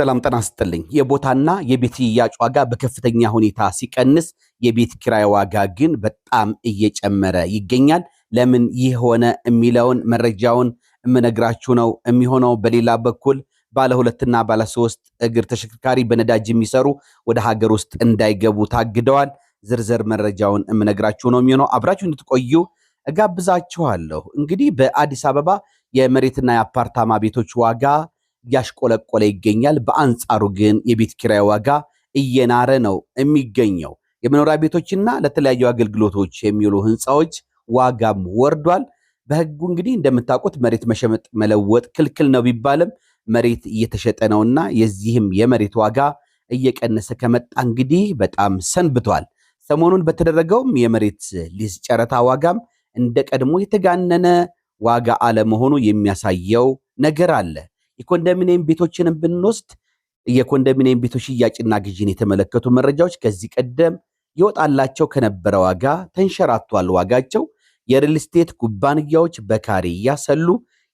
ሰላም ጤና ስጥልኝ። የቦታና የቤት ሽያጭ ዋጋ በከፍተኛ ሁኔታ ሲቀንስ የቤት ኪራይ ዋጋ ግን በጣም እየጨመረ ይገኛል። ለምን ይህ ሆነ የሚለውን መረጃውን የምነግራችሁ ነው የሚሆነው። በሌላ በኩል ባለ ሁለትና ባለ ሶስት እግር ተሽከርካሪ በነዳጅ የሚሰሩ ወደ ሀገር ውስጥ እንዳይገቡ ታግደዋል። ዝርዝር መረጃውን የምነግራችሁ ነው የሚሆነው። አብራችሁ እንድትቆዩ እጋብዛችኋለሁ። እንግዲህ በአዲስ አበባ የመሬትና የአፓርታማ ቤቶች ዋጋ እያሽቆለቆለ ይገኛል። በአንጻሩ ግን የቤት ኪራይ ዋጋ እየናረ ነው የሚገኘው። የመኖሪያ ቤቶችና ለተለያዩ አገልግሎቶች የሚውሉ ህንፃዎች ዋጋም ወርዷል። በህጉ እንግዲህ እንደምታውቁት መሬት መሸመጥ መለወጥ ክልክል ነው ቢባልም መሬት እየተሸጠ ነውና የዚህም የመሬት ዋጋ እየቀነሰ ከመጣ እንግዲህ በጣም ሰንብቷል። ሰሞኑን በተደረገውም የመሬት ሊዝ ጨረታ ዋጋም እንደ ቀድሞ የተጋነነ ዋጋ አለመሆኑ የሚያሳየው ነገር አለ። የኮንዶሚኒየም ቤቶችንም ብንወስድ የኮንዶሚኒየም ቤቶች ሽያጭና ግዥን የተመለከቱ መረጃዎች ከዚህ ቀደም ይወጣላቸው ከነበረ ዋጋ ተንሸራቷል። ዋጋቸው የሪል ስቴት ኩባንያዎች በካሬ እያሰሉ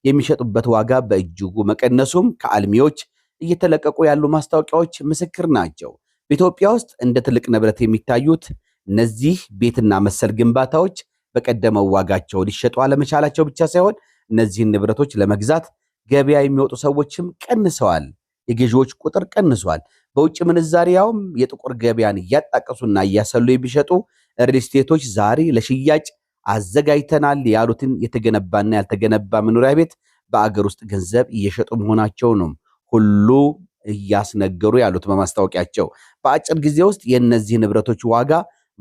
የሚሸጡበት ዋጋ በእጅጉ መቀነሱም ከአልሚዎች እየተለቀቁ ያሉ ማስታወቂያዎች ምስክር ናቸው። በኢትዮጵያ ውስጥ እንደ ትልቅ ንብረት የሚታዩት እነዚህ ቤትና መሰል ግንባታዎች በቀደመው ዋጋቸው ሊሸጡ አለመቻላቸው ብቻ ሳይሆን እነዚህን ንብረቶች ለመግዛት ገበያ የሚወጡ ሰዎችም ቀንሰዋል። የገዢዎች ቁጥር ቀንሷል። በውጭ ምንዛሪ ያውም የጥቁር ገበያን እያጣቀሱና እያሰሉ የሚሸጡ ሪልስቴቶች ስቴቶች ዛሬ ለሽያጭ አዘጋጅተናል ያሉትን የተገነባና ያልተገነባ መኖሪያ ቤት በአገር ውስጥ ገንዘብ እየሸጡ መሆናቸው ነው ሁሉ እያስነገሩ ያሉት በማስታወቂያቸው። በአጭር ጊዜ ውስጥ የእነዚህ ንብረቶች ዋጋ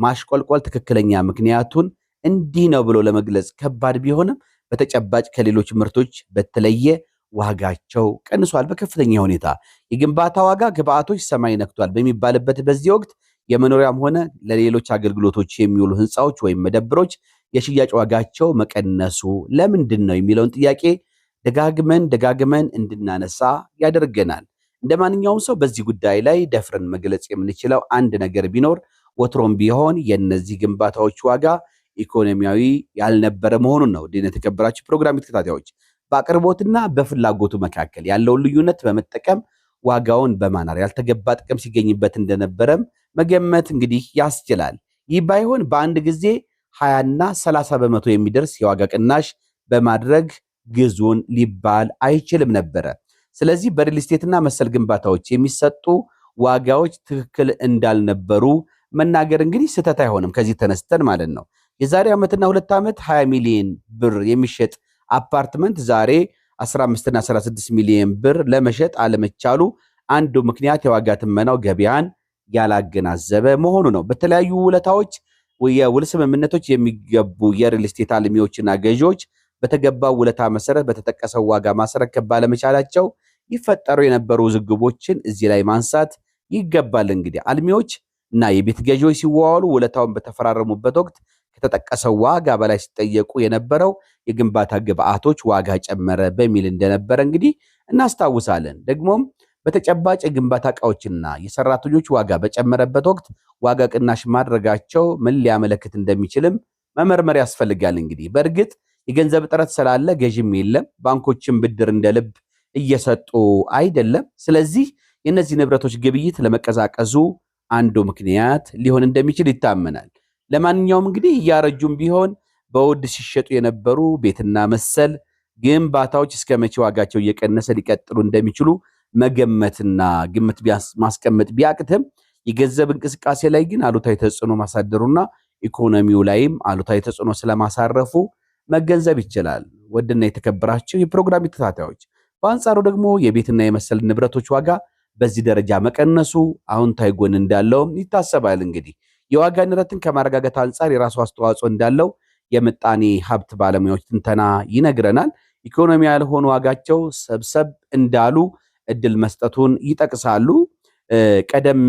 ማሽቆልቆል ትክክለኛ ምክንያቱን እንዲህ ነው ብሎ ለመግለጽ ከባድ ቢሆንም በተጨባጭ ከሌሎች ምርቶች በተለየ ዋጋቸው ቀንሷል በከፍተኛ ሁኔታ። የግንባታ ዋጋ ግብአቶች ሰማይ ነክቷል በሚባልበት በዚህ ወቅት የመኖሪያም ሆነ ለሌሎች አገልግሎቶች የሚውሉ ህንፃዎች ወይም መደብሮች የሽያጭ ዋጋቸው መቀነሱ ለምንድን ነው የሚለውን ጥያቄ ደጋግመን ደጋግመን እንድናነሳ ያደርገናል። እንደ ማንኛውም ሰው በዚህ ጉዳይ ላይ ደፍረን መግለጽ የምንችለው አንድ ነገር ቢኖር ወትሮም ቢሆን የእነዚህ ግንባታዎች ዋጋ ኢኮኖሚያዊ ያልነበረ መሆኑን ነው። ድን የተከበራችሁ ፕሮግራም ተከታታዮች በአቅርቦትና በፍላጎቱ መካከል ያለውን ልዩነት በመጠቀም ዋጋውን በማናር ያልተገባ ጥቅም ሲገኝበት እንደነበረም መገመት እንግዲህ ያስችላል። ይህ ባይሆን በአንድ ጊዜ ሀያና ሰላሳ በመቶ የሚደርስ የዋጋ ቅናሽ በማድረግ ግዙን ሊባል አይችልም ነበረ። ስለዚህ በሪል ስቴትና መሰል ግንባታዎች የሚሰጡ ዋጋዎች ትክክል እንዳልነበሩ መናገር እንግዲህ ስህተት አይሆንም። ከዚህ ተነስተን ማለት ነው የዛሬ ዓመትና ሁለት ዓመት 20 ሚሊዮን ብር የሚሸጥ አፓርትመንት ዛሬ 15ና 16 ሚሊዮን ብር ለመሸጥ አለመቻሉ አንዱ ምክንያት የዋጋ ትመናው ገበያን ያላገናዘበ መሆኑ ነው። በተለያዩ ውለታዎች፣ የውል ስምምነቶች የሚገቡ የሪል ስቴት አልሚዎችና ገዢዎች በተገባው ውለታ መሰረት በተጠቀሰው ዋጋ ማስረከብ ባለመቻላቸው ይፈጠሩ የነበሩ ውዝግቦችን እዚህ ላይ ማንሳት ይገባል። እንግዲህ አልሚዎች እና የቤት ገዢዎች ሲዋዋሉ ውለታውን በተፈራረሙበት ወቅት ከተጠቀሰው ዋጋ በላይ ሲጠየቁ የነበረው የግንባታ ግብአቶች ዋጋ ጨመረ በሚል እንደነበረ እንግዲህ እናስታውሳለን። ደግሞም በተጨባጭ የግንባታ እቃዎችና የሰራተኞች ዋጋ በጨመረበት ወቅት ዋጋ ቅናሽ ማድረጋቸው ምን ሊያመለክት እንደሚችልም መመርመር ያስፈልጋል። እንግዲህ በእርግጥ የገንዘብ እጥረት ስላለ ገዥም የለም፣ ባንኮችም ብድር እንደ ልብ እየሰጡ አይደለም። ስለዚህ የእነዚህ ንብረቶች ግብይት ለመቀዛቀዙ አንዱ ምክንያት ሊሆን እንደሚችል ይታመናል። ለማንኛውም እንግዲህ እያረጁም ቢሆን በውድ ሲሸጡ የነበሩ ቤትና መሰል ግንባታዎች እስከ መቼ ዋጋቸው እየቀነሰ ሊቀጥሉ እንደሚችሉ መገመትና ግምት ማስቀመጥ ቢያቅትም የገንዘብ እንቅስቃሴ ላይ ግን አሉታዊ ተጽዕኖ ማሳደሩና ኢኮኖሚው ላይም አሉታዊ ተጽዕኖ ስለማሳረፉ መገንዘብ ይችላል። ወድና የተከበራቸው የፕሮግራም ተከታታዮች፣ በአንጻሩ ደግሞ የቤትና የመሰል ንብረቶች ዋጋ በዚህ ደረጃ መቀነሱ አዎንታዊ ጎን እንዳለውም ይታሰባል። እንግዲህ የዋጋ ንረትን ከማረጋጋት አንጻር የራሱ አስተዋጽኦ እንዳለው የምጣኔ ሀብት ባለሙያዎች ትንተና ይነግረናል። ኢኮኖሚ ያልሆኑ ዋጋቸው ሰብሰብ እንዳሉ እድል መስጠቱን ይጠቅሳሉ። ቀደም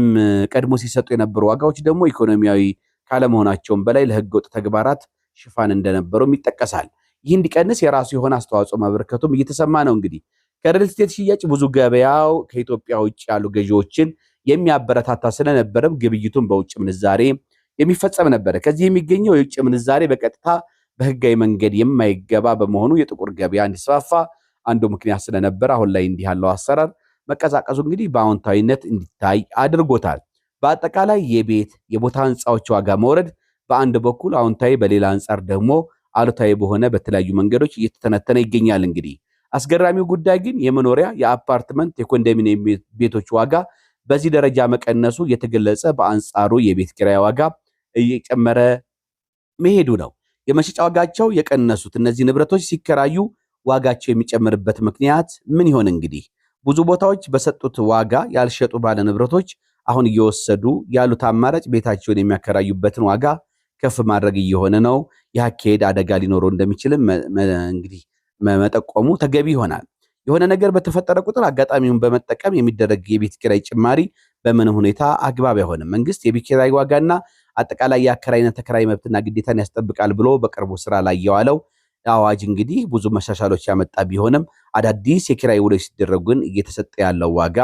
ቀድሞ ሲሰጡ የነበሩ ዋጋዎች ደግሞ ኢኮኖሚያዊ ካለመሆናቸውም በላይ ለህገወጥ ተግባራት ሽፋን እንደነበሩም ይጠቀሳል። ይህ እንዲቀንስ የራሱ የሆነ አስተዋጽኦ ማበረከቱም እየተሰማ ነው። እንግዲህ ከሪል ስቴት ሽያጭ ብዙ ገበያው ከኢትዮጵያ ውጭ ያሉ ገዢዎችን የሚያበረታታ ስለነበረም ግብይቱን በውጭ ምንዛሬ የሚፈጸም ነበረ። ከዚህ የሚገኘው የውጭ ምንዛሬ በቀጥታ በህጋዊ መንገድ የማይገባ በመሆኑ የጥቁር ገበያ እንዲስፋፋ አንዱ ምክንያት ስለነበር አሁን ላይ እንዲህ ያለው አሰራር መቀዛቀዙ እንግዲህ በአዎንታዊነት እንዲታይ አድርጎታል። በአጠቃላይ የቤት የቦታ ህንፃዎች ዋጋ መውረድ በአንድ በኩል አዎንታዊ፣ በሌላ አንጻር ደግሞ አሉታዊ በሆነ በተለያዩ መንገዶች እየተተነተነ ይገኛል። እንግዲህ አስገራሚው ጉዳይ ግን የመኖሪያ የአፓርትመንት የኮንዶሚኒየም ቤቶች ዋጋ በዚህ ደረጃ መቀነሱ የተገለጸ በአንጻሩ የቤት ኪራይ ዋጋ እየጨመረ መሄዱ ነው። የመሸጫ ዋጋቸው የቀነሱት እነዚህ ንብረቶች ሲከራዩ ዋጋቸው የሚጨምርበት ምክንያት ምን ይሆን? እንግዲህ ብዙ ቦታዎች በሰጡት ዋጋ ያልሸጡ ባለ ንብረቶች አሁን እየወሰዱ ያሉት አማራጭ ቤታቸውን የሚያከራዩበትን ዋጋ ከፍ ማድረግ እየሆነ ነው። የአካሄድ አደጋ ሊኖረው እንደሚችልም እንግዲህ መጠቆሙ ተገቢ ይሆናል። የሆነ ነገር በተፈጠረ ቁጥር አጋጣሚውን በመጠቀም የሚደረግ የቤት ኪራይ ጭማሪ በምን ሁኔታ አግባብ አይሆንም። መንግስት የቤት ኪራይ ዋጋና አጠቃላይ የአከራይና ተከራይ መብትና ግዴታን ያስጠብቃል ብሎ በቅርቡ ስራ ላይ የዋለው አዋጅ እንግዲህ ብዙ መሻሻሎች ያመጣ ቢሆንም አዳዲስ የኪራይ ውሎች ሲደረጉ ግን እየተሰጠ ያለው ዋጋ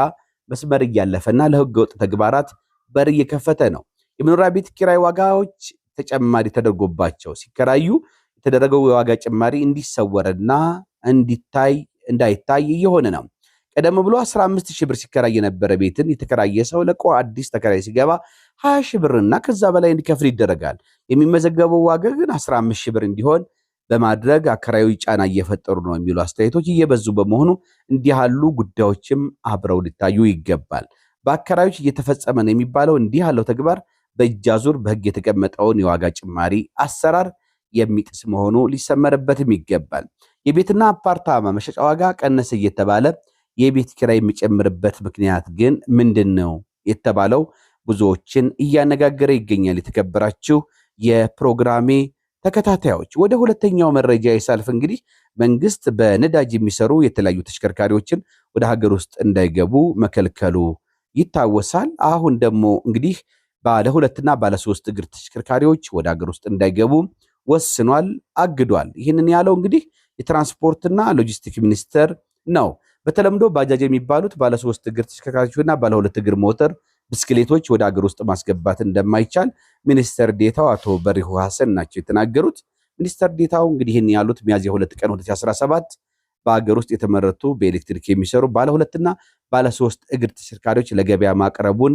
መስመር እያለፈና ለህገ ወጥ ተግባራት በር እየከፈተ ነው። የመኖሪያ ቤት ኪራይ ዋጋዎች ተጨማሪ ተደርጎባቸው ሲከራዩ የተደረገው የዋጋ ጭማሪ እንዲሰወርና እንዲታይ እንዳይታይ እየሆነ ነው። ቀደም ብሎ 15 ሺህ ብር ሲከራይ የነበረ ቤትን የተከራየ ሰው ለቆ አዲስ ተከራይ ሲገባ 20 ሺህ ብርና ከዛ በላይ እንዲከፍል ይደረጋል። የሚመዘገበው ዋጋ ግን 15 ሺህ ብር እንዲሆን በማድረግ አከራዩ ጫና እየፈጠሩ ነው የሚሉ አስተያየቶች እየበዙ በመሆኑ እንዲህ ያሉ ጉዳዮችም አብረው ሊታዩ ይገባል። በአከራዮች እየተፈጸመ ነው የሚባለው እንዲህ ያለው ተግባር በእጃዙር በሕግ የተቀመጠውን የዋጋ ጭማሪ አሰራር የሚጥስ መሆኑ ሊሰመርበትም ይገባል። የቤትና አፓርታማ መሸጫ ዋጋ ቀነሰ እየተባለ የቤት ኪራይ የሚጨምርበት ምክንያት ግን ምንድን ነው የተባለው ብዙዎችን እያነጋገረ ይገኛል። የተከበራችሁ የፕሮግራሜ ተከታታዮች ወደ ሁለተኛው መረጃ የሳልፍ እንግዲህ መንግስት በነዳጅ የሚሰሩ የተለያዩ ተሽከርካሪዎችን ወደ ሀገር ውስጥ እንዳይገቡ መከልከሉ ይታወሳል። አሁን ደግሞ እንግዲህ ባለ ሁለትና ባለ ሶስት እግር ተሽከርካሪዎች ወደ ሀገር ውስጥ እንዳይገቡ ወስኗል፣ አግዷል። ይህንን ያለው እንግዲህ የትራንስፖርትና ሎጂስቲክ ሚኒስቴር ነው። በተለምዶ ባጃጅ የሚባሉት ባለ ሶስት እግር ተሽከርካሪዎችና ባለ ሁለት እግር ሞተር ብስክሌቶች ወደ አገር ውስጥ ማስገባት እንደማይቻል ሚኒስተር ዴታው አቶ በሪሁ ሀሰን ናቸው የተናገሩት። ሚኒስተር ዴታው እንግዲህ ይህን ያሉት ሚያዝያ ሁለት ቀን 2017 በአገር ውስጥ የተመረቱ በኤሌክትሪክ የሚሰሩ ባለ ባለሶስት ባለ ሶስት እግር ተሽከርካሪዎች ለገበያ ማቅረቡን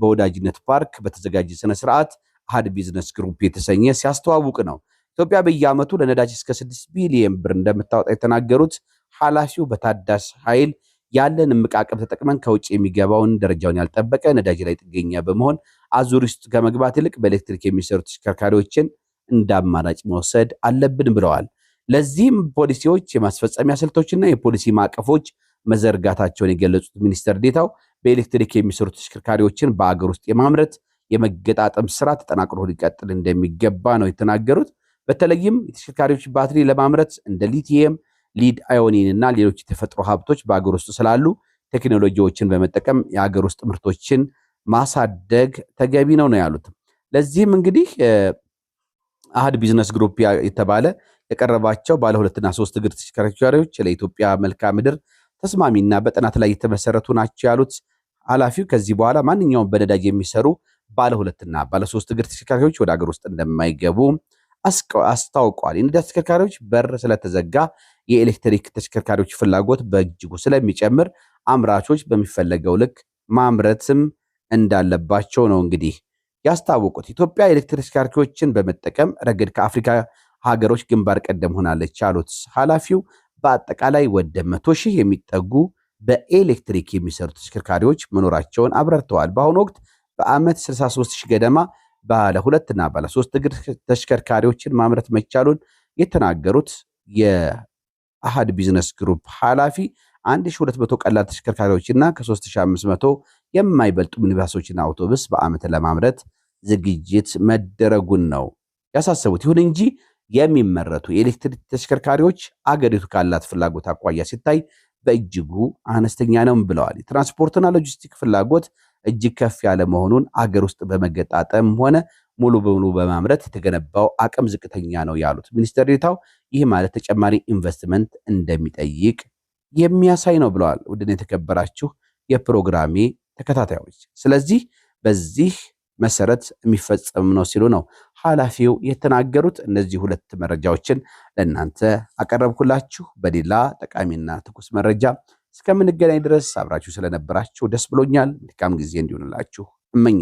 በወዳጅነት ፓርክ በተዘጋጀ ስነስርዓት አሃድ ቢዝነስ ግሩፕ የተሰኘ ሲያስተዋውቅ ነው። ኢትዮጵያ በየዓመቱ ለነዳጅ እስከ 6 ቢሊየን ብር እንደምታወጣ የተናገሩት ኃላፊው በታዳስ ኃይል ያለን እምቅ አቅም ተጠቅመን ከውጭ የሚገባውን ደረጃውን ያልጠበቀ ነዳጅ ላይ ጥገኛ በመሆን አዙሪ ውስጥ ከመግባት ይልቅ በኤሌክትሪክ የሚሰሩ ተሽከርካሪዎችን እንደ አማራጭ መውሰድ አለብን ብለዋል። ለዚህም ፖሊሲዎች የማስፈጸሚያ ስልቶችና የፖሊሲ ማዕቀፎች መዘርጋታቸውን የገለጹት ሚኒስትር ዴታው በኤሌክትሪክ የሚሰሩ ተሽከርካሪዎችን በአገር ውስጥ የማምረት የመገጣጠም ስራ ተጠናቅሮ ሊቀጥል እንደሚገባ ነው የተናገሩት። በተለይም የተሽከርካሪዎች ባትሪ ለማምረት እንደ ሊቲየም ሊድ አዮኒን እና ሌሎች የተፈጥሮ ሀብቶች በአገር ውስጥ ስላሉ ቴክኖሎጂዎችን በመጠቀም የአገር ውስጥ ምርቶችን ማሳደግ ተገቢ ነው ነው ያሉት። ለዚህም እንግዲህ አህድ ቢዝነስ ግሩፕ የተባለ የቀረባቸው ባለ ሁለትና ሶስት እግር ተሽከርካሪዎች ለኢትዮጵያ መልክዓ ምድር ተስማሚና በጥናት ላይ የተመሰረቱ ናቸው ያሉት ኃላፊው ከዚህ በኋላ ማንኛውም በነዳጅ የሚሰሩ ባለ ሁለትና ባለ ሶስት እግር ተሽከርካሪዎች ወደ አገር ውስጥ እንደማይገቡ አስታውቋል። የነዳጅ ተሽከርካሪዎች በር ስለተዘጋ የኤሌክትሪክ ተሽከርካሪዎች ፍላጎት በእጅጉ ስለሚጨምር አምራቾች በሚፈለገው ልክ ማምረትም እንዳለባቸው ነው እንግዲህ ያስታወቁት። ኢትዮጵያ የኤሌክትሪክ ተሽከርካሪዎችን በመጠቀም ረገድ ከአፍሪካ ሀገሮች ግንባር ቀደም ሆናለች ያሉት ኃላፊው በአጠቃላይ ወደ መቶ ሺህ የሚጠጉ በኤሌክትሪክ የሚሰሩ ተሽከርካሪዎች መኖራቸውን አብረርተዋል በአሁኑ ወቅት በዓመት 63 ሺህ ገደማ ባለ ሁለትና ባለ ሶስት እግር ተሽከርካሪዎችን ማምረት መቻሉን የተናገሩት የአሃድ ቢዝነስ ግሩፕ ኃላፊ 1200 ቀላል ተሽከርካሪዎችና ከ3500 የማይበልጡ ሚኒባሶችና አውቶቡስ በዓመት ለማምረት ዝግጅት መደረጉን ነው ያሳሰቡት። ይሁን እንጂ የሚመረቱ የኤሌክትሪክ ተሽከርካሪዎች አገሪቱ ካላት ፍላጎት አኳያ ሲታይ በእጅጉ አነስተኛ ነው ብለዋል። የትራንስፖርትና ሎጂስቲክ ፍላጎት እጅግ ከፍ ያለ መሆኑን አገር ውስጥ በመገጣጠም ሆነ ሙሉ በሙሉ በማምረት የተገነባው አቅም ዝቅተኛ ነው ያሉት ሚኒስትር ዴኤታው ይህ ማለት ተጨማሪ ኢንቨስትመንት እንደሚጠይቅ የሚያሳይ ነው ብለዋል። ውድን የተከበራችሁ የፕሮግራሜ ተከታታዮች፣ ስለዚህ በዚህ መሰረት የሚፈጸም ነው ሲሉ ነው ኃላፊው የተናገሩት። እነዚህ ሁለት መረጃዎችን ለእናንተ አቀረብኩላችሁ። በሌላ ጠቃሚና ትኩስ መረጃ እስከምንገናኝ ድረስ አብራችሁ ስለነበራችሁ ደስ ብሎኛል። መልካም ጊዜ እንዲሆንላችሁ እመኛለሁ።